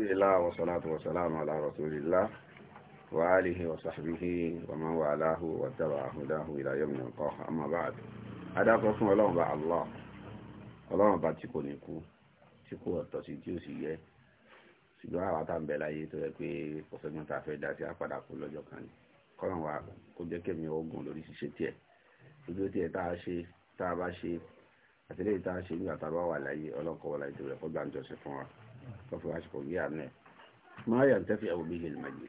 alhamdulillah wa salatu wa salamu ala rasulillah wa alihi wa sahbihi wa man walahu wa tabi'a hudahu ila yawm al-qiyamah amma ba'd adako fún Ọlọ́run ba allah Ọlọ́run ba tí kò ní kú tí kò ọ̀tọ̀ sí tí ó sì yẹ ṣùgbọ́n àwa tá ń bẹ láyé tó yẹ pé kò sọ́gbọ́n tá a fẹ́ dá sí apàdà kú lọ́jọ́ kan ni kọ́lọ́n wa kó jẹ́ kémi ogun lórí ṣíṣe tiẹ̀ lójú tiẹ̀ tá a ṣe tá a bá ṣe àtìlẹ́yìn tá a ṣe nígbà tá a bá wà láyé ọlọ́kọ̀ wọlé ìdòwẹ̀ kó gbàǹjọ́sìn fún wa tọ́fù àsìkò bí àná ẹ̀ máa yà ń tẹ́fì ẹ̀wọ̀ bí hìlì màjì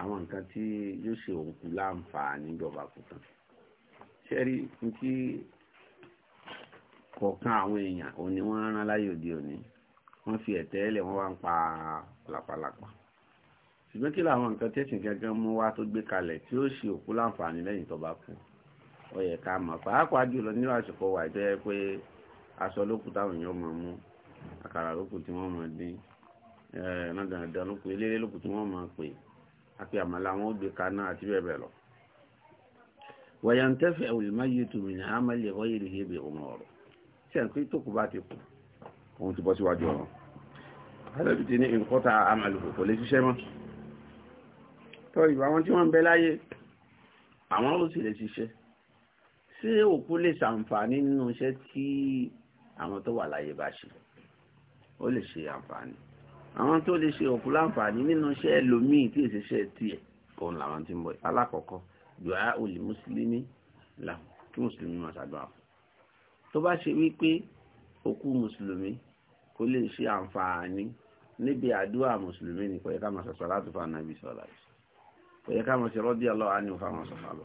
àwọn nǹkan tí yóò ṣe òun kú láǹfààní ìjọba kù tán ṣẹ́rí ní kí kọ̀ọ̀kan àwọn èèyàn òun ni wọ́n rán láyé òde òní wọ́n fi ẹ̀tẹ́ ẹlẹ̀ wọ́n wá ń pa làpàlàpà ṣùgbọ́n kí làwọn nǹkan tẹ̀sìn gangan mú wá tó gbé kalẹ̀ tí ó ṣe òkú láǹfààní lẹ́yìn tó bá kú ó yẹ ká mọ̀ pàápàá jùlọ nínú àsìkò wà ìtọ́ yẹ pé aṣọ lókùtà òyìn ọmọ mú àkàrà lókù tí wọ́n mọ̀ dín ẹ̀ẹ́dàdàn eh, lókù eléré lókù tí wọ́n mọ̀ pé àti àmàlà wọn ó gbé kaná àti bẹ́ẹ̀ bẹ́ẹ̀ lọ. wọ̀yàntẹ́fẹ̀ olùmọ̀yé tùmí ní amẹ́lẹ̀ ọ̀yẹ́ rẹ̀ hebe ọmọ ọ̀rọ̀ tí ẹ̀ ń pín tókù bá ti kù òun ti bọ́ síwájú ọ̀rọ̀ alẹ́bí ti ní nǹkọ́ta amàlùkù kò lè ṣiṣẹ́ mọ́ tọ́ ìwà àwọn tí wọ́n ń bẹ láyé àwọn ó sì lè ṣiṣẹ́ ṣé òkú lè ṣàǹfààní nínú iṣẹ́ tí àwọn tó wà láyé bá ṣe ó lè ṣe àǹfààní àwọn tó lè ṣe òkú láǹfààní nínú iṣẹ́ ẹlòmíì tí èsì iṣẹ́ tiẹ̀ òun làwọn ti ń bọ̀ alákọ̀ọ́kọ́ dùá olè mùsùlùmí làwọn kí mùsùlùmí máa ṣàdúrà fún tó bá ṣe wípé òkú mùsùlùmí kò lè ṣe àǹfààní níbi àdúrà mùsùlùmí ni kò yẹ ká máa ṣe sàlátù fún ànábì sọ̀rọ̀ kò yẹ ká máa ṣe rọ́dí ọlọ́wà ní òfà máa sọ̀fà lọ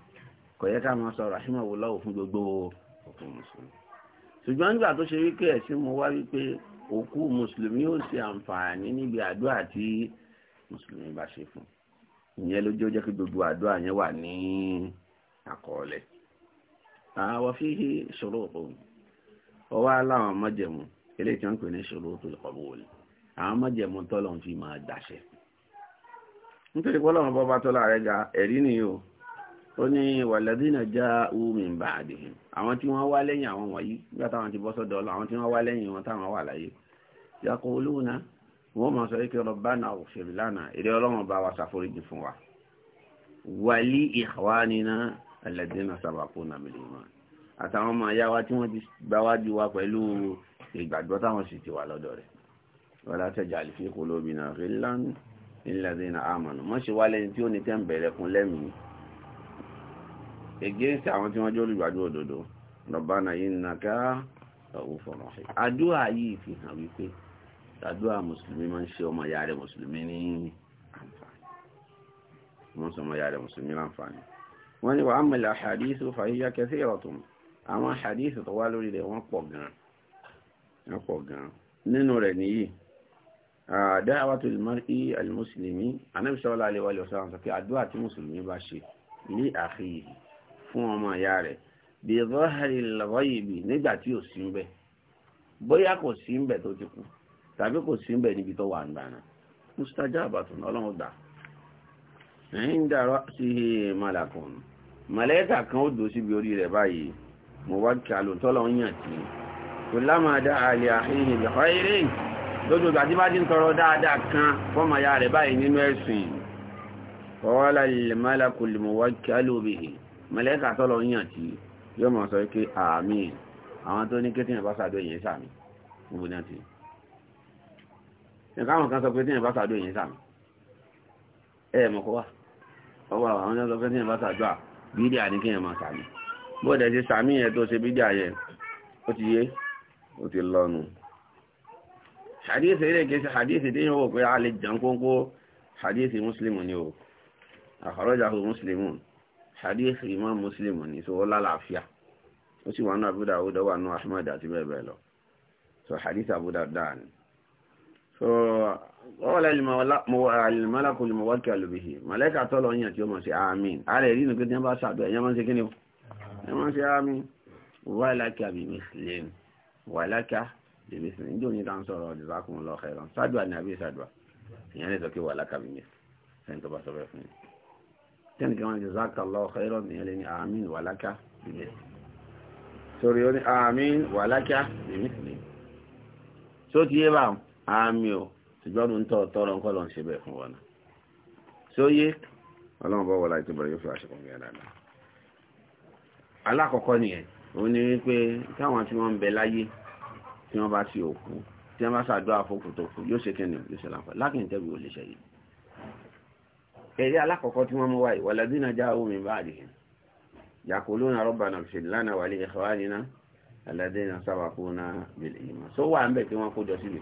kò yẹ ká máa sọ rahimahu lọ́wọ́ òkú mùsùlùmí ó ṣe àǹfààní níbi àdúrà tí mùsùlùmí bá ṣe fún ìyẹn ló jẹ́ kí gbogbo àdúrà yẹn wà ní àkọọ́lẹ̀ àwọn fi ṣòro òun ọwọ́ aláwọn májẹ̀mú eléyìí tí wọ́n ń pè ní ṣòro tó wọlé àwọn fi máa dàṣẹ nítorí pé ọlọ́run bọ́ba rẹ̀ ga ẹ̀rí o ó ní wàlẹ́dínà já àwọn tí wọ́n wá lẹ́yìn àwọn wọ̀nyí nígbà táwọn ti bọ́ sọ́dọ̀ ọlọ́ àwọn tí wọ́n wá lẹ́yìn wọn táwọn wà láyé yaquluna wọ́n máa sọ wípé rabbana ighfir lana èdè ọlọ́run bá wa ṣàforíjì fún wa wali ikhwanina alladhina sabaquna bil iman àtàwọn ọmọ ayá wa tí wọ́n ti bá wá di wa pẹ̀lú ìgbàgbọ́ táwọn sì ti wà lọ́dọ̀ rẹ̀ wala taj'al fi qulubina ghillan lilladhina amanu mọ́ ṣe wá lẹ́ni tí ó ní tẹ́ ń bẹ̀rẹ̀ kún lẹ́mìí against àwọn tí wọ́n jẹ́ olùgbàdo òdodo rabbana innaka ra'ufur rahim àdúrà yìí tàdúrà mùsùlùmí máa ń ṣe ọmọ ìyá rẹ̀ mùsùlùmí ní àǹfààní wọ́n sọ ọmọ ìyá rẹ̀ mùsùlùmí láǹfààní wọ́n ní wàá mọ̀lẹ̀ àhàdíṣù fàyíyá kẹsí ọ̀tún àwọn àhàdíṣù tó wá lórí rẹ̀ wọ́n pọ̀ gan wọ́n pọ̀ gan nínú rẹ̀ nìyí dáhàwátò ìmọ̀rí àlùmùsùlùmí anábìsọ́lá alẹ́ wàlẹ̀ ọ̀sán sọ pé àdúrà tí mùsùlùmí bá ṣe ní àfihì fún ọmọ ìyá rẹ̀ bí zọ́hárì tàbí kò sí mbẹ̀ níbi tó wà ń gbàna mustaja abatun ọlọ́run gbà ẹ̀yìn dàrọ sí malakun màlẹ́kà kan ó dò síbi orí rẹ̀ báyìí mo wá kàlù tọ́lọ ń yàn tí kò lámàdá àlè àhíhì lọ́kọ́ eré lójú ìgbà tí bá ti ń tọrọ dáadáa kan fọ́mà ya rẹ̀ báyìí nínú ẹ̀sìn kọ́wọ́lá malakul mo wá kàlù bìhì màlẹ́kà tọ́lọ ń yàn tí yóò mọ̀ sọ pé àmín àwọn tó ní kétìyàn bá sàdó ìyẹn sàmì gbogbo náà ti káwọn kan sọ pé tíyẹn bá sàdó yìí sàmì ẹ mọ̀ kọ́ wà ọwọ́ àwọn yẹn sọ pé tíyẹn bá sàdó à bídí à ní kíyẹn máa sàmì bóòdẹ̀ ṣe sàmì yẹn tó ṣe bídí àyẹ ó ti yé ó ti lọ́nu hadithi ilé kesi hadithi tí yóò wò pé a lè jẹun kónkó hadithi muslim ni o àkọ́rọ́jàkú muslim hadithi imam muslim ni so ó lálàáfíà ó sì wà ní Abu Dawud wà ní Ahmad àti bẹ́ẹ̀ bẹ́ẹ̀ lọ so hadithi Abu Dawud dáa ni so wọ́wọ́lá alìmọ́lákò lè mọ̀ wákì alùbìhì mọ̀lẹ́kà tọ́lọ yìnyàn tí ó mọ̀ sí àmín ààrẹ ìrìnà pé tí wọ́n bá sàbẹ̀ ẹ̀yẹ́ mọ́ sí kí ni ó ẹ̀yẹ́ mọ́ sí àmín wà lákà bí mùsùlùmí wà lákà bí mùsùlùmí ní òní dáhùn sọ̀rọ̀ ọ̀dùnsákùn lọ́ọ̀kẹ́ rán sádùá ní àbí sádùá ìyẹn lè sọ pé wà bí mùsùlùmí tó bá sọ àmì ò ṣùgbọ́n ọdún tọ́ tọ́rọ ń kọ́ lọ ń ṣe bẹ́ẹ̀ fún wọn náà tí ó yé ọlọ́run bọ́ wọlá ìtìbọ̀rẹ̀ yóò fi àṣekùn yẹn dáadáa alákọ̀ọ́kọ́ nìyẹn òun ni wípé táwọn tí wọ́n ń bẹ láyé tí wọ́n bá ti òkú tí wọ́n bá ṣàdúrà fókù tó kù yóò ṣe kíni yóò ṣe láǹfà lákìn tẹ́bi ò lè ṣe yìí ẹ̀rí alákọ̀ọ́kọ́ tí wọ́n mú wáyé waladina ja'u min ba'dihim yaquluna rabbana ighfir lana wa li ikhwanina alladhina sabaquna bil iman tó wà ń bẹ̀ tí wọ́n kó jọ síbi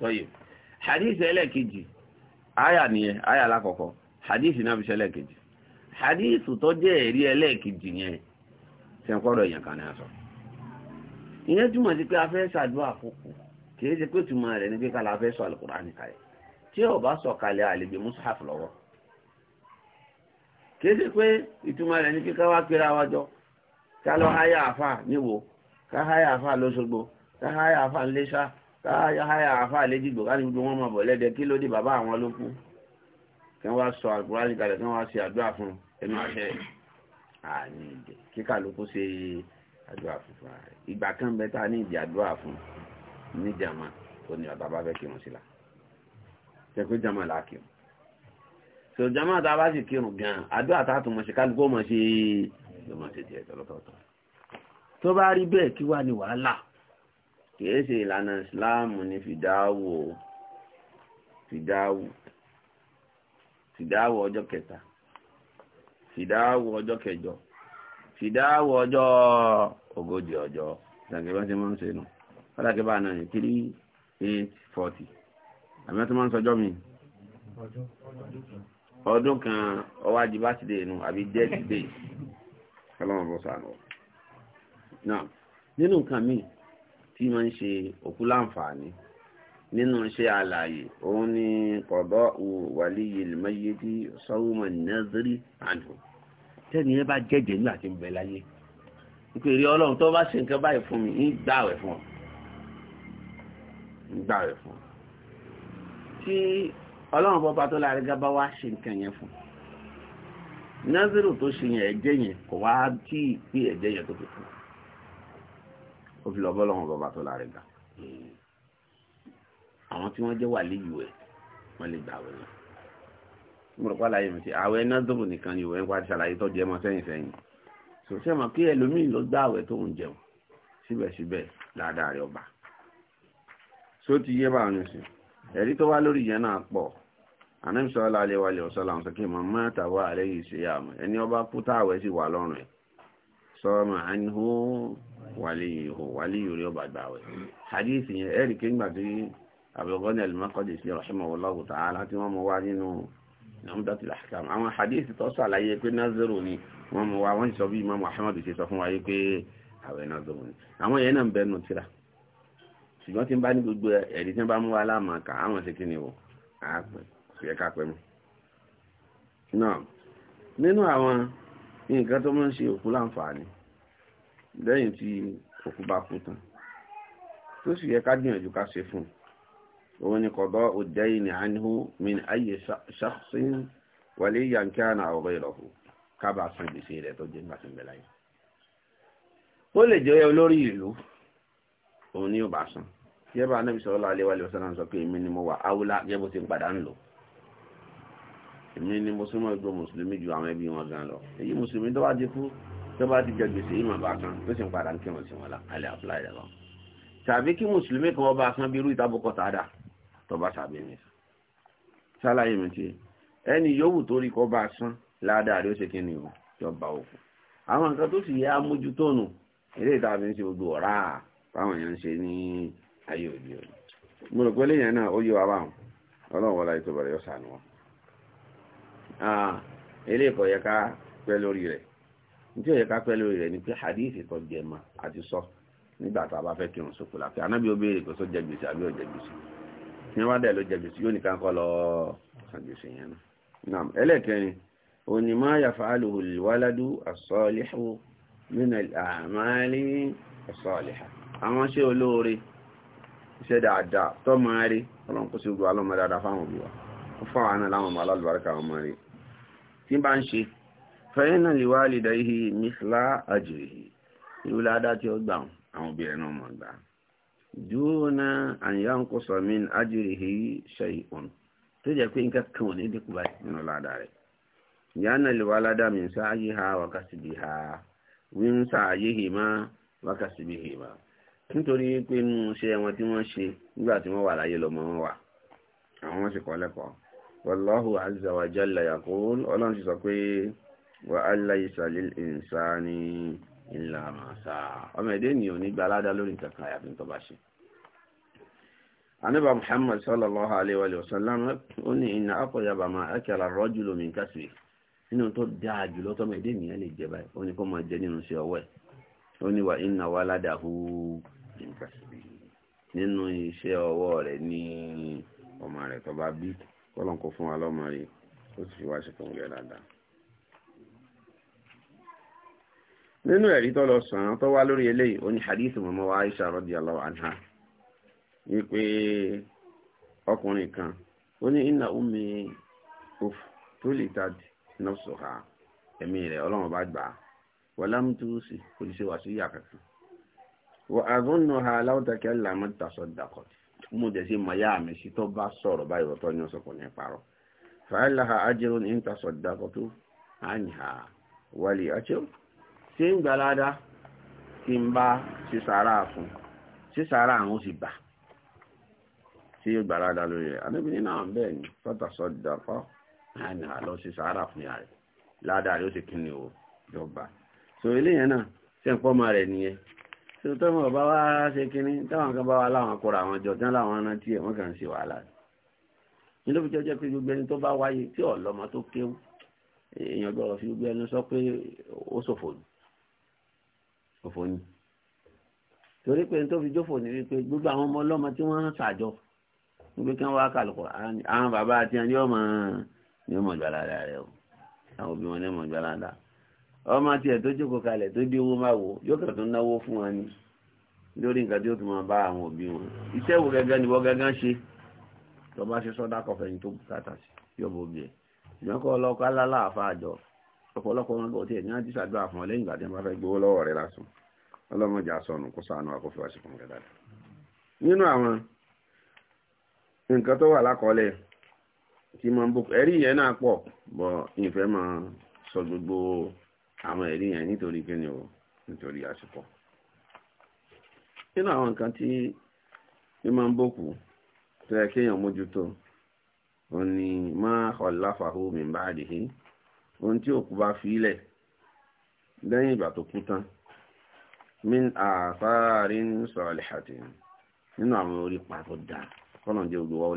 tọ́yì hadith ẹlẹ́ẹ̀kejì aya nìyẹn aya alákọ̀ọ́kọ́ hadith náà fi ṣe ẹlẹ́ẹ̀kejì hadith tó jẹ́ ẹ̀rí ẹlẹ́ẹ̀kejì yẹn ṣe ń kọ́rọ̀ èèyàn kan ní aṣọ ìyẹn túmọ̀ sí pé a fẹ́ ṣàdúrà àkókò kì í ṣe pé túmọ̀ rẹ̀ ní pé kálá fẹ́ sọ Al-Qur'ani kalẹ̀ tí ó bá sọ kalẹ̀ àlejò mushaf lọ́wọ́ kì í ṣe pé ìtumọ̀ rẹ̀ ní pé pera wájọ́ ká lọ háyà àfà níwò ká háyà àfà lóṣogbo ká káyà háyà àfa àlejìgbò ká ní gbogbo wọn máa bọ̀ lẹ́dẹ̀ kí ló dé bàbá àwọn ló kú kí wọ́n sọ àkùránì kalẹ̀ kí wọ́n ṣe àdúrà fún ẹnu àṣẹ àní ìdè kíkà ló kó ṣe àdúrà fún fún ààrẹ ìgbà kan bẹ tá a ní ìdí àdúrà fún ní jama ó ní bàbá bá fẹ́ kírun sí la ṣe pé jama là á kírun so jama tá a bá sì kírun gan àdúrà tá a tún mọ̀ ṣe kálukú mọ̀ ṣe ló mọ̀ ṣe tiẹ̀ tọ́lọ́tọ̀ọ̀tọ̀ tó bá rí bẹ́ẹ̀ kí wá ní wàhálà kìí ṣe ìlànà ìsìláàmù ní fìdáwò fìdáwò fìdáwò ọjọ́ kẹta fìdáwò ọjọ́ kẹjọ fìdáwò ọjọ́ ogójì ọjọ́ ìdàgbé bá ṣe máa ń ṣe nù fàdákẹ́ bá náà ní three eight forty àmì ọtí máa ń sọjọ́ mi ọdún kan ọwájú bá ti dé inú àbí death day ọlọ́run bó sànù náà nínú nǹkan míì tí máa ń ṣe òkú láǹfààní nínú iṣẹ́ àlàyé òun ni kọ̀dọ̀ wàlí yèlùmọ́yé tí sọ́wọ́mọ̀ nẹ́zírí àjò tẹ́ni ẹ bá jẹ́jẹ́ nígbà tí ń bẹ láyé wípé rí ọlọ́run tó bá ṣe nǹkan báyìí fún mi ń gbààwẹ̀ fún ọ ń gbààwẹ̀ fún ọ tí ọlọ́run bọ́ba tó láàrin gábá wá ṣe nǹkan yẹn fún nẹ́zírí tó ṣe yẹn ẹ̀jẹ̀ yẹn kò wá tí ì pé ẹ̀jẹ̀ yẹn tó fi fún ọ kó fi lọ bọ́ lọ́wọ́ bàbá tó láre gbà àwọn tí wọ́n jẹ́ wà léyìí wẹ̀ wọ́n lè gbà wẹ̀ náà mo rò pàlàyé mi ti àwẹ̀ náà dòrò nìkan ni ìwẹ̀ ń parí ṣàlàyé tó jẹ́ mọ́ sẹ́yìn sẹ́yìn sòṣẹ́ mọ̀ kí ẹlòmíì ló gbà àwẹ̀ tó ń jẹun síbẹ̀síbẹ̀ ládàá rẹ̀ ọba só ti yé bá ọyún sí ẹ̀rí tó wá lórí yẹn náà pọ̀ àná ìṣọ́lá alẹ́ wa lè ọ̀ṣọ́lá ọ̀ṣọ́kí mọ̀ mọ́ tàwa àlẹ́ yìí ṣe àmọ́ ẹni ọba kú táwẹ̀ sì wà lọ́rùn ẹ̀ sọ́mà àníhó wàlíyò wàlíyò rí ọba gbàwẹ̀ hadith yẹn ẹ̀rì kí ngbà tí abdulgani alimakọ́dé sí rahimahullahu ta'ala tí wọ́n mú wá nínú nàmdàtì làkàm àwọn hadith tó sàlàyé pé nazaru ni wọ́n mú wá wọ́n sì sọ bí imam ahmed ṣe sọ fún wa yìí pé àwẹ̀ nazaru ni àwọn yẹn náà ń bẹ́ẹ̀ nù tíra ṣùgbọ́n tí ń bá ní gbogbo ẹ̀rí tí ń bá mú wá láàmàkà àwọn ṣe kí ni o àápẹ́ ṣe ká pẹ́ mọ́ náà nínú àwọn nǹkan tó máa ń ṣe òkú láǹfààní lẹ́yìn tí òkú bá kú tán tó sì yẹ ká gbìyànjú ká ṣe fún un òun ni kọ̀dọ̀ òdẹ́yìn àníhù min ayé ṣàṣìn wàlé yankana ọ̀rọ̀ ìrọ̀kù kábà san gbèsè rẹ̀ tó jẹ́ gbàtí ìbẹ̀lá yìí ó lè jẹ́ olórí ìlú òun ni ó bá san yẹ́bà anábìsọ̀rọ̀ lálẹ́ wàlẹ́ ọ̀sán náà sọ pé èmi ni mo wà áwúlá yẹ́bù ti ń padà ń lò èmi ni mo súnmọ́ ìgbó mùsùlùmí ju àwọn ẹbí wọn gan lọ èyí mùsùlùmí tó bá ti kú tó bá ti jẹ gbèsè ìmọ̀ bá kan tó sì ń padà ń kírun sí wọn la alẹ́ apply rẹ̀ lọ. tàbí kí mùsùlùmí kan ọba san bí irú ìtàbùkọ̀ tàdà tó bá tàbí mi. sálàyé mi ti ẹni yòówù tó rí kọ́ bá san ládàá rí ó ṣe kí ni o yọ bá òkú. àwọn nǹkan tó sì yẹ amójútónù ilé ìta ń ṣe gbogbo ọ̀rá táwọn èèyàn ń ṣe ní ayé òde òní. mo rò pé léèyàn náà ó yẹ wa báwọn ọlọ́run wọlé ayé tó bẹ̀rẹ̀ yọ sànù wọn ilé ah, ìkọ̀ yẹ ká pẹ́ lórí rẹ̀ ní tí ó yẹ ká pẹ́ lórí rẹ̀ ni pé hadithi tó jẹ ma àti sọ nígbà tá a bá fẹ́ kírun sókò láti anábì ó béèrè pé sọ jẹ gbèsè àbí ó jẹ gbèsè ní wọ́n dẹ̀ ló jẹ gbèsè yóò nìkan kọ́ lọ san gbèsè yẹn náà ẹlẹ́kẹrin òní máa alùwàládù àsọ̀ọ́lẹ́hù nínú àmàlí àsọ̀ọ́lẹ́hà àwọn ṣé olóore iṣẹ́ dáadáa tọ́ máa rí ọlọ́run kó sí gbogbo alọ́mọ fáwọn òbí wa fáwọn àna láwọn ọmọ alálùbáríkà wọn rí tí bá ń ṣe fẹ́yìnà lè wá lè dá ihe mísìlá àjèrè ìlú ládá tí ó gbà àwọn obìnrin náà mọ̀ gbà dúnà àyà ń kó sọ̀mí àjèrè yìí ṣe ìpọ̀n tó jẹ́ pé nǹkan kan ò ní dínkù báyìí nínú ládá rẹ̀ ìyá náà lè wá ládá mi sáàyè ha wákàtí bí ha wí ń sáàyè hì má wákàtí bí hì má nítorí pé nínú iṣẹ́ wọn tí wọ́n ṣe nígbà tí wọ́n wà láyé lọ́mọ wọn wà àwọn sì kọ́ lẹ́kọ̀ọ́ wàláhù azza wa jalla yaqul ọlọ́run ti sọ pé wà á láyé sàlẹ̀ ìsáni illa ma saa ọmọ èdè ni ò ní gba aládá lórí kankan àyàfi tó bá ṣe anábà muhammad sallallahu alaihi wa sallam ó ní inna atyaba ma akala rajulu min kasbi nínú tó dáa jùlọ tọmọ èdè nìyẹn lè jẹ báyìí ó ní kó máa jẹ nínú sí ọwọ́ ẹ̀ ó ní wà inna waladahu min kasbi nínú iṣẹ́ ọwọ́ rẹ̀ ní ọmọ rẹ̀ tó bá bí kọ́lọ̀ kó fún wa lọ́mọ yìí ó sì fi wá ṣe fún gẹ̀ dáadáa nínú ẹ̀rí tó lọ sàn án tó wá lórí eléyìí ó ní hadithu mọ́mọ́ wa Aisha radiyallahu anha wípé ọkùnrin kan ó ní inna ummi òfò tó lè tàdí náà sọ̀ha ẹ̀mí rẹ̀ ọlọ́run bá gbà á wàlámtúsì kò lè ṣe wà sí ìyá kankan wà á zọ́nà ha aláwọ̀tàkẹ́ làmọ́ta sọ́dàkọ̀tì mo ma ya mọ̀ yá sọrọ sí tó bá sọ̀rọ̀ onye ọ̀tọ́ ní ọ̀sọ̀kọ̀ ní parọ́ fàálàhà ajẹ́rò ha ìtàsọ̀dàkọ̀ tó àyà wàlẹ̀ si ṣé si gbà ládá tí ń bá ṣe sàárà fún ṣe sàárà àwọn sì bà ṣé ni lọ yọba so tí ó tọ́mọ̀ bá wá ṣe kínní táwọn kan bá wá láwọn kọra àwọn jọ tán láwọn ọ̀nà tí ẹ̀wọ̀n kan ṣe wàhálà ní ló fi jẹ́ pé gbogbo ẹni tó bá wáyé tí ọ̀lọ́mọ tó kéwú èèyàn gbọ́dọ̀ fi gbogbo ẹni sọ pé ó ṣòfò ní ṣòfò ní torí pé ẹni tó fi jófò ní wípé gbogbo àwọn ọmọ ọlọ́mọ tí wọ́n ń ṣàjọ wípé kí wọ́n wá kàlùkọ̀ àwọn bàbá àti ẹni ọmọ ni ó mọ̀ jọ alára o àwọn òbí wọn ní mọ̀ jọ alára rẹ ọmọ tiẹ̀ tó jókòó kalẹ̀ tó di owó máa wò yóò kàn tó náwó fún wọn ni lórí nǹkan tí ó tún máa bá àwọn òbí wọn iṣẹ́ wo gẹ́gẹ́ ni wọ́n gẹ́gẹ́ ṣe tó bá ṣe sọ́dá kọfẹ́ yìí tó bùkátà sí yóò bó bí ẹ̀ ìyàn kọ́ ọlọ́kọ́ alálàáfà àjọ ọ̀pọ̀lọpọ̀ wọn kò tiẹ̀ ní àti ṣàdúrà fún ọ lẹ́yìn ìgbà tí wọ́n bá fẹ́ gbowó lọ́wọ́ rẹ̀ lásán ọlọ́mọdé àwọn ẹ̀rí yẹn nítorí kí o nítorí àsìkò nínú àwọn nǹkan tí ní máa ń bòkù tó yẹ kéèyàn mójútó ni máa ọ̀láfàhó mi bá àdìhí ohun tí òkú bá fi ilẹ̀ lẹ́yìn ìgbà tó kú tán min àfáàrin sọ̀rọ̀lẹ̀ àti nínú àwọn orí kọ́nà jẹ́ olùwọ́ ó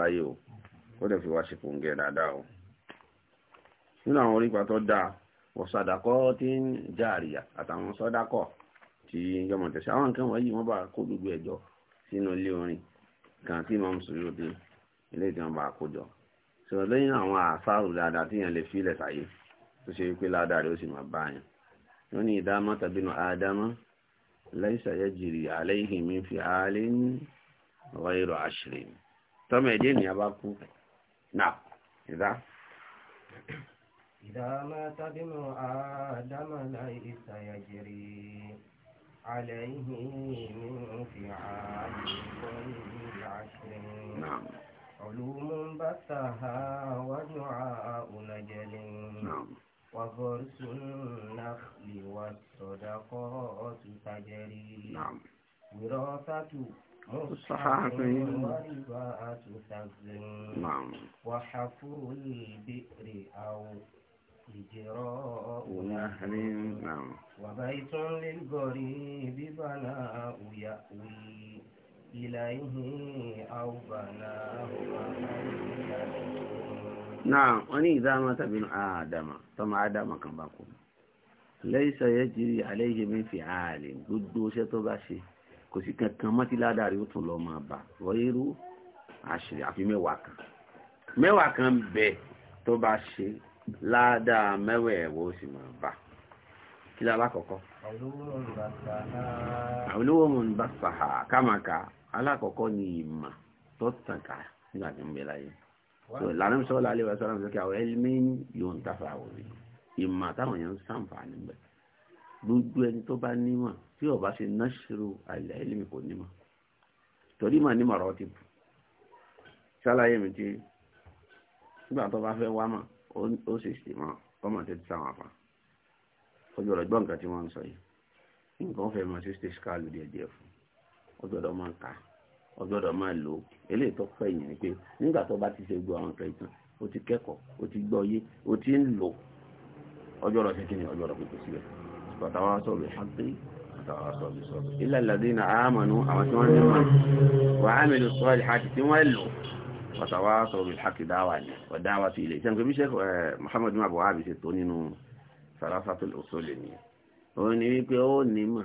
láyé o ó fi tó wọsọdakọ tí ń jáàríyà àtàwọn sọ́dàkọ́ tí yọmọ tẹ̀sí àwọn nǹkan wọ̀nyí bá kó gbogbo ẹjọ sínú ilé orin kan tí wọ́n sọ ilé tí bá kó jọ àwọn àṣàrò dáadáa tí yẹn lè filẹ̀ tó ṣe ládàá ó sì máa bá yẹn ní tàbí nù yẹ jìrì fi àálẹ́ ní ènìyàn bá kú إذا ما ابن آدم ليس يجري عليه من فعال كل عشر علوم بثها ودعاء نجل وغرس النخل والصدقات تجري وراثة مصحف ورباءة ثغر نعم وحفر البئر أو إجراء نحر نعم وبيت للغريب بناء يأوي إليه أو بناه نعم وني إذا مات ابن آدم ثم آدم كم باكم ليس يجري عليه من فعال gbogbo iṣẹ́ tó bá ṣe kò sí kankan mọ́ tí ládàrí ó tún lọ máa bà wọ́yẹ́rú àṣírí àfi mẹ́wàá kan mẹ́wàá kan bẹ tó bá ṣe ládàá mẹ́wẹ̀ẹ̀wọ̀ ó sì máa bá kí lára kọ̀kọ́ olówó ń bá sàhà kámàkà alákọ̀ọ́kọ́ ni ìmà tó tànkà nígbà tí ń bẹ láyé lànà sọ́ọ́lá alẹ́ wa sọ́ọ́lá sọ́kẹ́ àwọn ẹlẹ́mí yóò ń tàfà wò ní ìmà táwọn èèyàn ń sàǹfààní bẹ̀ gbogbo ẹni tó bá nímọ̀ tí ó ṣe náṣírò àìlẹ̀ ẹlẹ́mí kò nímọ̀ torí mà nímọ̀ rọ́ọ̀tì ṣàlàyé mi ti nígbà tó bá fẹ́ wá mọ̀ ó sì sì mọ́ kọ́mọ̀ tẹ́tí sáwọn a ó gbọ́dọ̀ gbọ́ nǹkan tí wọ́n ń sọ yìí nǹkan fẹ́ máa ṣe ṣe skáàlù díẹ̀ díẹ̀ fún ó gbọ́dọ̀ máa kà ó gbọ́dọ̀ máa lò ó eléyìí tó ti ṣe o o ti kẹ́kọ̀ọ́ o ti gbọ́ yé ó ti ń lò ọjọ́ rọ̀ sí kí ni ọjọ́ rọ̀ pípé sílẹ̀ pàtàwá sọ̀rọ̀ wa pàtàwá amanu watawasaw bil haqqi dáwà ní ọ̀dáwà sí ilé ìṣẹ́ nítorí Sheikh eh, Muhammad bin Abdul Wahhab ṣe tó nínú salafatul usul ni ó ní wípé ó ní mà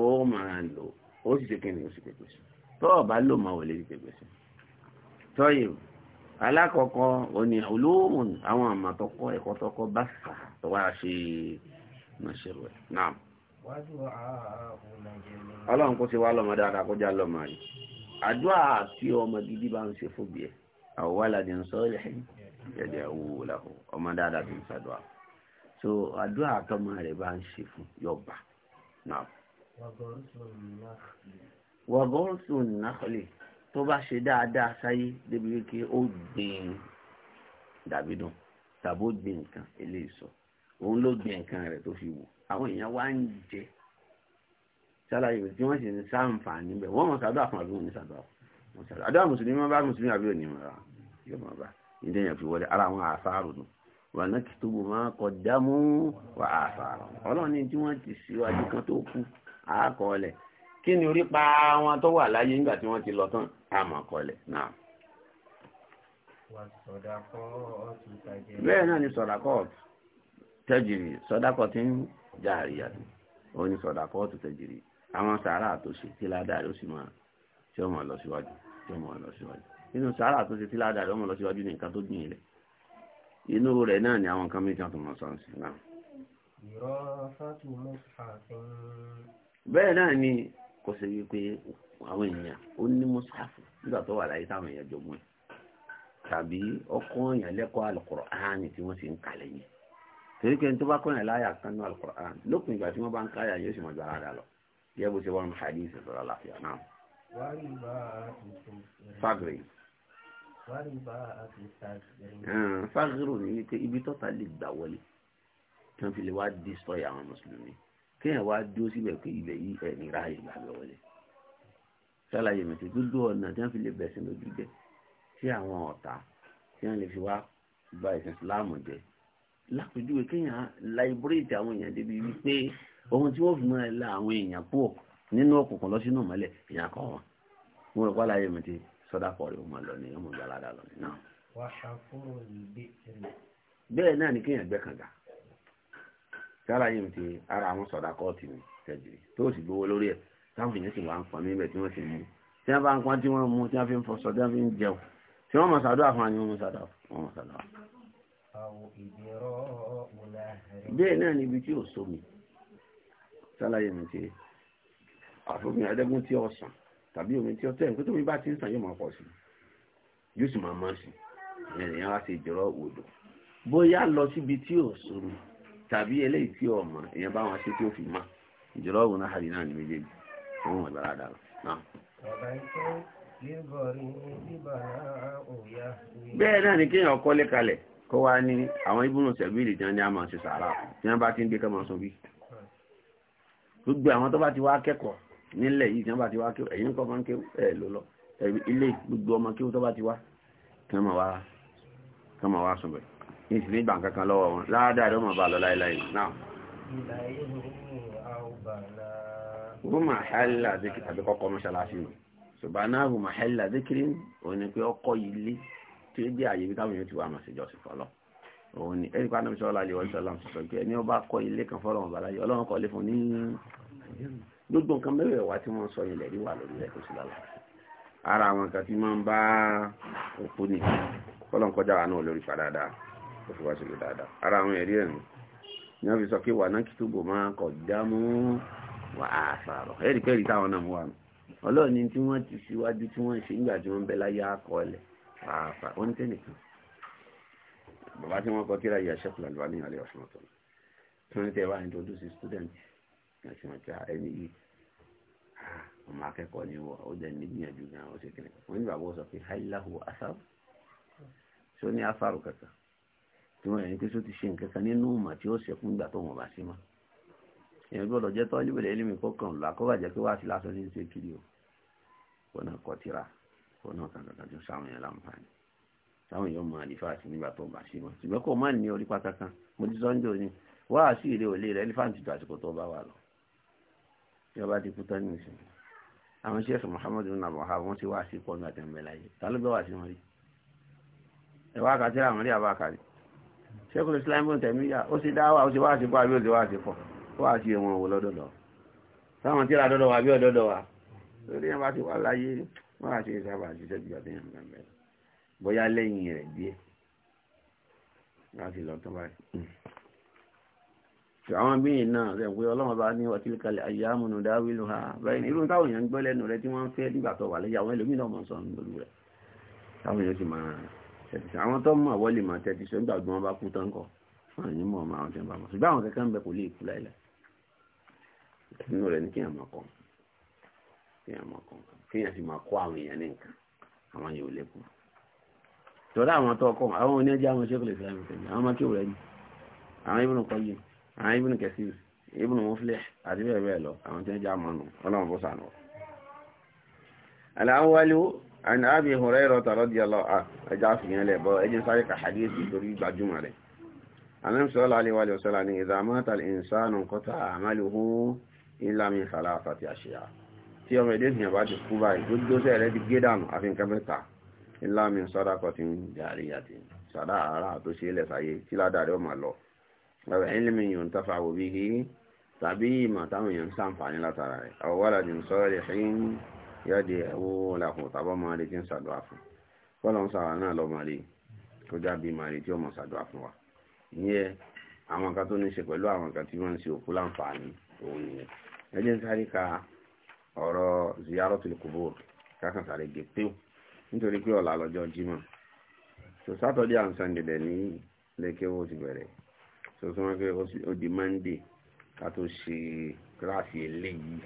ó máa lò ó sì ṣe kíni ó sì pèpè sí tó ọ̀bá lò máa wọlé sí pèpè sí tọ́yì alákọ̀ọ́kọ́ ó ní olóòmùn àwọn àmàtọ́kọ́ ẹ̀kọ́ tọ́kọ́ bá fà tó wá ṣe nàṣẹ́rù ẹ̀ náà ọlọ́run kó ṣe àdúrà tí ọmọ gidi bá ń ṣe fóbi ẹ̀ àwọn aláàdì ń sọ ilẹ̀ ẹ̀dẹ̀ owó làwọn ọmọ dáadáa ti ń ṣàdúrà so àdúrà àtọmọ rẹ̀ bá ń ṣe fún yọba náà. wàgọ́rùsù nàkọlẹ̀ tó bá ṣe dáadáa sáyé débi wípé ó gbìn dàbídùn tàbó gbìn nǹkan eléyìí sọ òun ló gbìn nǹkan rẹ̀ tó fi wù àwọn èèyàn wá ń jẹ́ ṣàlàyé tí wọ́n sì ń sáǹfààní bẹ̀ wọ́n mọ̀ sàdọ́ àfún àbúrò ní sàdọ́ wọn sàdọ́ àdọ́ mùsùlùmí wọn bá mùsùlùmí àbúrò ní mọ̀ra yóò mọ̀ bá ìdí èèyàn fi wọlé ara wọn àfáàrò nù wà náà kì tó bò máa kọ dámú wà àfáàrò ọlọ́run ní tí wọ́n ti síwájú kan tó kú àkọọ́lẹ̀ kí ni orí pa wọn tó wà láyé nígbà tí wọ́n ti lọ tán àmọ̀kọlẹ̀ náà. bẹ́ẹ̀ náà ni sọ̀dàkọ́ tẹ́jìrì sọ̀dàkọ́ ti ń jà àríyá òun ni sọ̀dàkọ́ tó tẹ́jìrì àwọn sàárà tó ṣe tí ládàá ló sì máa tí ọmọ lọ síwájú tí ọmọ lọ síwájú nínú sàárà tó ṣe tí ládàá ló mọ lọ síwájú ní nǹkan tó gbìn ilẹ̀ inú rẹ̀ náà ni àwọn nǹkan méjì tó mọ̀ sọ́n sí náà. bẹ́ẹ̀ náà ni kò ṣe wípé àwọn èèyàn ó ní mọ́sáàfù nígbà tó wà láyé táwọn èèyàn jogún ẹ̀ tàbí ọkọ èèyàn lẹ́kọ̀ọ́ Al-Qur'ani tí wọ́n sì ń kalẹ̀ yẹn torí pé ní tó bá kọ́ yẹn láyà kan ní al lópin ìgbà tí wọ́n bá ń káyà yóò sì mọ̀ ju ara rẹ̀ lọ gẹ́gẹ́ bó ṣe wọ́n hadith sọ̀rọ̀ àlàáfíà náà. fagiri. fagiri ni wípé ibi tọ́ta lè gbà wọlé kí wọ́n fi lè wá destroy àwọn mùsùlùmí kéèyàn wá dúró síbẹ̀ pé ibẹ̀ yí ẹ̀ nira ìgbàgbọ́ wọlé ṣàlàyé mẹ̀tì gbogbo ọ̀nà tí wọ́n fi lè bẹ̀sìn lójú jẹ́ sí àwọn ọ̀tá tí wọ́n lè fi wá gba ìsìn Islam jẹ́ lápèjúwe kéèyàn láìbírèètì àwọn èèyàn débi wípé ohun tí wọ́n fi máa la àwọn èèyàn pọ̀ nínú òkùnkùn lọ sínú mọ́lẹ̀ èèyàn kan wọn mo rò pálá yẹn mi ti sọ́dá pọ̀ rí ọmọ lọ ní ọmọ ìgbà ládàá lọ nínú. bẹ́ẹ̀ náà ni kéèyàn gbẹ́ kànga sára yẹn mi ti ara àwọn sọ̀dá kọ́ọ̀tì mi tẹ̀jìrì tó sì gbowó lórí ẹ̀ táwọn èèyàn sì wà ń pọn níbẹ̀ tí wọ́n sì mú tí wọ́n bá ń pọn tí wọ́n mú tí wọ́n fi ń fọṣọ tí wọ́n fi ń jẹun tí wọ́n mọ̀ sàdúrà fún wa ni wọ́n mọ̀ sàdúrà wọ́n mọ̀ sàdúrà. bẹ́ẹ̀ náà ni ibi tí ò sómi sálàyé mi ti àfọ́bìn adẹ́gún tí ó sàn tàbí omi tí ó tẹ̀ nípa tómi bá ti ń sàn yóò máa pọ̀ sí yóò sì máa mọ́ sí ènìyàn wá sí ìjọrọ̀ òdò bóyá lọ síbi tí ò sòrò tàbí eléyìí tí ò mọ̀ èèyàn bá wọn ṣe tí ó fi má ìjọrọ̀ òun náà hàrí náà ní méjèèjì òun wà lára dára bẹ́ẹ̀ náà ni kéèyàn kọ́lé kalẹ̀ kó wá ní àwọn ibùdó sẹ̀bíìlì tí ní a ṣe sàárà bá ti ń gbé ká máa sọ bíi. gbogbo àwọn tó bá ti wá kẹ́kọ̀ọ́ nílẹ̀ yìí tí wọ́n bá ti wá kí ẹ̀yìn kọ́ máa ń kéwú ẹ̀ ló lọ ilé gbogbo ọmọ kéwú tó bá ti wá kán máa wá sùn bẹ̀ ní ìsìn ìgbà kankan lọ́wọ́ wọn ládàá ló máa bá lọ láéláé náà. wọ́n máa hẹ́lá zikiri tàbí kọ́kọ́ mọ́ṣáláṣí nù ṣùgbọ́n náà wọ́n máa hẹ́lá zikiri òní pé ọkọ̀ ilé tí ó dé àyè òun ni ẹ̀rí pa anábìsọ́ ọlá àlèwọ̀ ìṣọ́lá sọ pé ẹni ọba kọ́ ilé kan fọ́lọ́ wọn bàláyé ọlọ́run kọ́ lé fún ní gbogbo nǹkan mẹ́wẹ̀ẹ́ wá tí wọ́n sọ ilẹ̀ rí wà lórí rẹ̀ kó lálá ara àwọn nǹkan tí máa ń bá òkú ni fọ́lọ́n kọjá wa náà lórí fàdáadá ó fi wá sí lórí dáadáa ara àwọn ẹ̀rí ẹ̀rí ni wọ́n fi sọ pé wà náà kìtúbò máa kọ̀ dámú wà á sàrọ̀ ẹ̀rí pẹ́ẹ́rì táwọn náà mú wa nù ọlọ́ọ̀ni tí wọ́n ti síwájú tí wọ́n ń ṣe nígbà tí wọ́n ń bẹ láyé akọọ́lẹ̀ pàápàá bàbá tí wọ́n kọ tíra yà Sheikh Al-Albani alẹ́ ọ̀sán ọ̀tọ̀ tí wọ́n tẹ́ wá introduce student àti wọn tí ẹni yìí ah, ọmọ akẹ́kọ̀ọ́ ni wọ́n ó jẹ́ nígbìyànjú ní àwọn ṣe kìnnìkan wọ́n ní bàbá sọ pé hailahu asaru tí ó ní asaru kankan tí wọ́n yẹn pé tó ti ṣe nǹkan kan nínú ìmọ̀ tí ó ṣẹ̀kú nígbà tó wọ́n bá sí mọ́ èèyàn gbọ́dọ̀ jẹ́ tọ́jú táwọn èèyàn máa àlìfà sí nígbà tó bá ṣe wọn ṣùgbọ́n kò má ní orí pátákà mo ti sọ ń jò ní wá sí ilé òlé rẹ ẹlífàǹtì tó àsìkò tó bá wà lọ tí ọba ti kú tán ní ìsìn àwọn ṣẹ́ẹ̀fù muhammadu nàbọ̀ ha wọ́n ti wá sí pọ̀ nígbà tẹ̀m̀bẹ̀ ta ló bẹ́ wà sí wọn rí ẹ wá àwọn rí àbá kàrí ṣẹ́kùn islam bó ń tẹ̀mí yá ó sì dáwà ó sì wá sí pọ̀ àbí ó sì wá sí pọ̀ ó wá sí ẹ̀wọ̀n wò lọ́dọ̀ lọ táwọn tíra dọ́dọ̀ wà àbí ọ̀dọ́dọ̀ wà lórí ẹ̀ bóyá lẹ́yìn rẹ̀ díẹ̀ láti lọ tán báyìí àwọn bíyìn náà rẹ̀ pé ọlọ́run bá ní ọtílkalẹ̀ ayyámùnú dáwìlú ha báyìí irú táwọn èèyàn gbọ́ lẹ́nu rẹ̀ tí wọ́n ń fẹ́ nígbà tó wà lẹ́yà àwọn ẹlòmínà mọ̀ sọ nílùú rẹ̀ táwọn èèyàn sì máa tẹ̀tí sọ àwọn tó mọ̀ wọ́n lè máa tẹ̀tí sọ nígbà tí wọ́n bá kú tán kọ́ wọn ní mọ̀ àwọn tẹ̀ bá mọ̀ ṣùgbọ́n àwọn kẹ́kẹ́ ń àwọn yòó lẹ́kùn tọ́lá àwọn tó ọkọ̀ àwọn oníjẹ́ àwọn ṣẹ́kù lè fi àmì tẹ̀lé àwọn mákì òrẹ́ ni àwọn ibùnú kọjú àwọn ibùnú kẹsì ibùnú muflẹ̀ àti bẹ́ẹ̀ bẹ́ẹ̀ lọ àwọn tí wọ́n jẹ́ àmọ́nù aléwàlẹ̀ ọ̀sọ́lá ni idha mata al-insanu qata a'maluhu illa min tí ọmọ ẹ̀dẹ́ ìgbìyànjú ti kú báyìí gbogbo sẹ́ẹ̀rẹ́ ti gé dànù àfi nǹkan ńlá mi sọ́dá kọ́ ti ń jàrí àti sọ́dá ara tó ṣe ilẹ̀ sáyé tí ládàrí ọmọ lọ ẹ̀rẹ̀ ẹ̀ńlẹ́mì yóò ń tọ́fà wò bí i tàbí ìmọ̀ táwọn èèyàn ń sàǹfààní látara rẹ̀ ọ̀wọ́lá ni sọ́rọ̀ rẹ̀ ṣe ń yọ́de ẹ̀wọ́ làkùn tàbọ́ máa rí tí ń sàdọ́à fún kọ́lọ́ ń sàrà náà lọ máa rí tó jábí máa rí tí ó mọ̀ sàdọ́à fún wa ìyẹn àwọn nǹkan tó ní ṣe pẹ̀lú àwọn nǹkan tí wọ́n ń ṣe òkú láǹfààní òun nìyẹn ẹ jẹ́ ń sáré ka ọ̀rọ̀ ziyaratul kubur kákan sáré gé péw nítorí pé ọ̀la lọ́jọ́ jímọ̀ so saturday and sunday dẹ̀ ní lẹ́kẹ́ owó ti bẹ̀rẹ̀ so sọ́mọ́ pé ó di monday ká tó ṣe kíláàsì eléyìí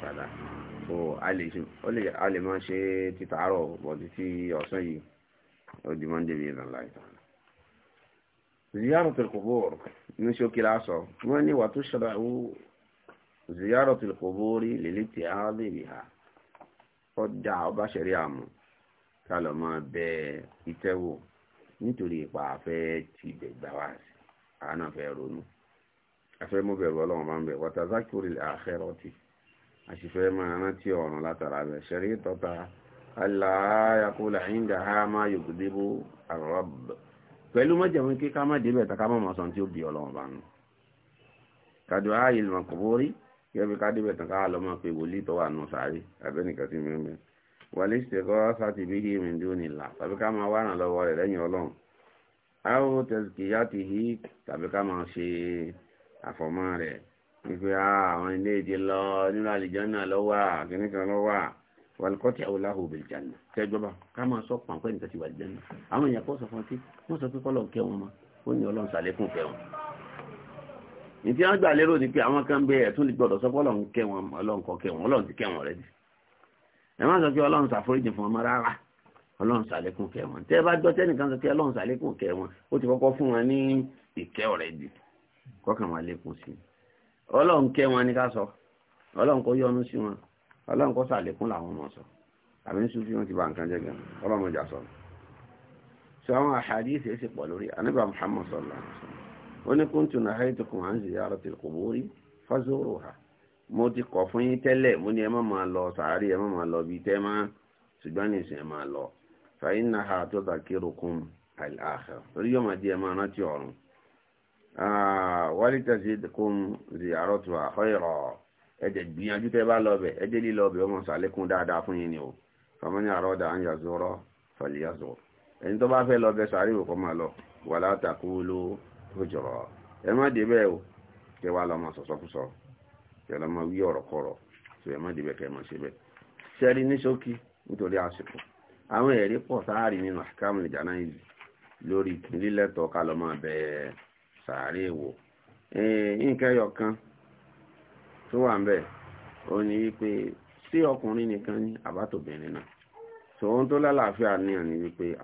padà so a lè máa ṣe títàárọ̀ bọ̀dí tí ọ̀sán yìí ó di monday bí ìlànà láìta ziyarọ̀ tìlkùbọ̀r ní ṣókí lásọ wọ́n ní wà tó ṣọ́ra ó ziyarọ̀ tìlkùbọ̀rí lè lè tẹ̀ áádé bìhà ọjà ọba ṣẹ̀rí àmọ́ ká lọ máa bẹ iṣẹ́ wò nítorí ipa àfẹ́ ti dẹ̀gbà wá sí àánà fẹ́ ronú afẹ́ mú bẹ̀rù ọlọ́run bá ń bẹ̀ wọ́tà zákìrì àkhírátì àṣìfẹ́ máa rántí ọ̀run látara rẹ̀ ṣẹ̀rí tọ́ta aláyàkúlà ìndà ha máa yòókù débò àrọ́b pẹ̀lú mọ́jẹ̀mú kí ká má débẹ̀ tàká mọ́ mọ́sán tí ó bí ọlọ́run bá nù kàdù áyìl mọ̀kúbórí kí ẹ fi ká débẹ̀ tàká lọ́mọ pé wòlíì tó wà nù sáré àbẹ́nìkan sí mẹ́mẹ́ wàlẹ́ ìṣẹ̀kọ́ sáti bí i min dunillah tàbí ká máa wá ràn lọ́wọ́ rẹ̀ lẹ́yìn ọlọ́run áwò tazkiyatihi tàbí ká máa ṣe àfọ̀mọ́ rẹ̀ wípé àwọn ilé ìdí lọ nínú àlìjánà lọ́wọ́ àkíníkan lọ́wọ́ wàlùkọ́tì àwòláhù bìlìjánà tẹ́gbọ́bà ká máa sọ pàǹpẹ́ nǹkan ti wàlìjánà àwọn èèyàn kọ́ sọ fún ọtí wọ́n sọ pé kọ́lọ̀ kẹ́ wọn mọ́ ó ní ọlọ́run sàlékún fẹ́ wọn ìdí wọn gbà lérò ni pé àwọn kan bẹ ẹ̀tún lè gbọ́dọ̀ sọ pé ọlọ́run kẹ́ wọn ọlọ́run kọ́ kẹ́ wọn ọlọ́run ti kẹ́ wọn rẹ̀ ẹ má sọ pé ọlọ́run ṣàforíjì fún ọmọ rárá ọlọ́run ṣàlékún kẹ́ wọn tẹ́ ẹ bá gbọ́ tẹ́nìkan sọ pé ọlọ́run ṣàlékún kẹ́ wọn ó ti kọ́kọ́ fún wọn ní ìkẹ́ ọ̀rẹ́ dì kọ́kàn wọn lékún sí i ọlọ́run kẹ́ wọn ní ká sọ ọlọ́run kó yọ́nú sí wọn ọlọ́run kó ṣàlékún làwọn ọmọ sọ àbí ń sunfí wọn ti ba nǹkan jẹ́ gan ọlọ́run mọ̀jà sọ sọ àwọn àhàdíìsì èsì pọ̀ lórí anábà Muhammad sallallahu alaihi wasallam ó ní kuntu nahaytukum an ziyarati al-quburi fazuruha mo ti kọ̀ fún yín tẹ́lẹ̀ mo ní ẹ má máa lọ sàárì ẹ má máa lọ bíi tẹ́ máa ṣùgbọ́n ní ìsìn ẹ máa lọ fàyín náà ha tó dàkírùkún àìláàkà torí yóò máa di ẹ máa rántí ọ̀run wálé tẹ̀sí kún rí àrọ́tù àkọ́yọ̀rọ̀ ẹ̀jẹ̀ gbìyànjú tẹ́ bá lọ́bẹ̀ ẹ̀jẹ̀ lílọ ọbẹ̀ ọmọ sàlékún dáadáa fún yín ni o fàmọ́ni àrọ́dà ń yàzọ́rọ́ fàlìyàzọ́ ẹni tó bá fẹ́ kẹlẹ́ máa wí ọ̀rọ̀ kọ̀rọ̀ tó yẹ má débẹ̀ kẹ́ máa ṣe bẹ́ẹ̀ ṣẹ́rí ní ṣókí nítorí àsìkò àwọn ẹ̀rí pọ̀ sáàrí nínú àkàmù lórí nílẹ̀tọ̀ ká lọ máa bẹ wò nǹkan ẹyọ kan tó wà ọkùnrin nìkan ní àbátòbìnrin náà tó ohun tó lálàáfíà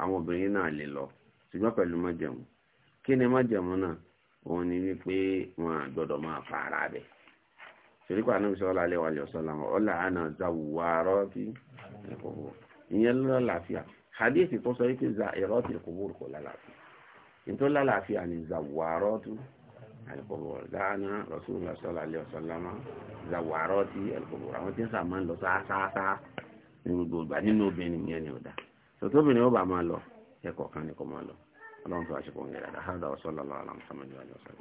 àwọn obìnrin náà lọ ṣùgbọ́n pẹ̀lú kí ni májẹ̀mú náà òun ni wípé wọn máa torí pa anábì sọ́lá alẹ́ wàlẹ̀ ọ̀sọ́lá wọn ọ̀là àna zawàrọ́ kí ẹ̀kọ́wọ́ ìyẹn ló lálàáfíà hadith tó sọ wípé za ẹ̀rọ ti kòwò kò lálàáfíà nítorí lálàáfíà ni zawàrọ́ tú ẹ̀kọ́wọ́ dáná rasulullah sọ́lá alẹ́ ọ̀sọ́lá wọn zawàrọ́ tí ẹ̀kọ́wọ́ àwọn tí ń sàmọ́ ń lọ sáásáásá ní gbogbo ìgbà nínú obìnrin yẹn ni ò dá sọtọ́bìnrin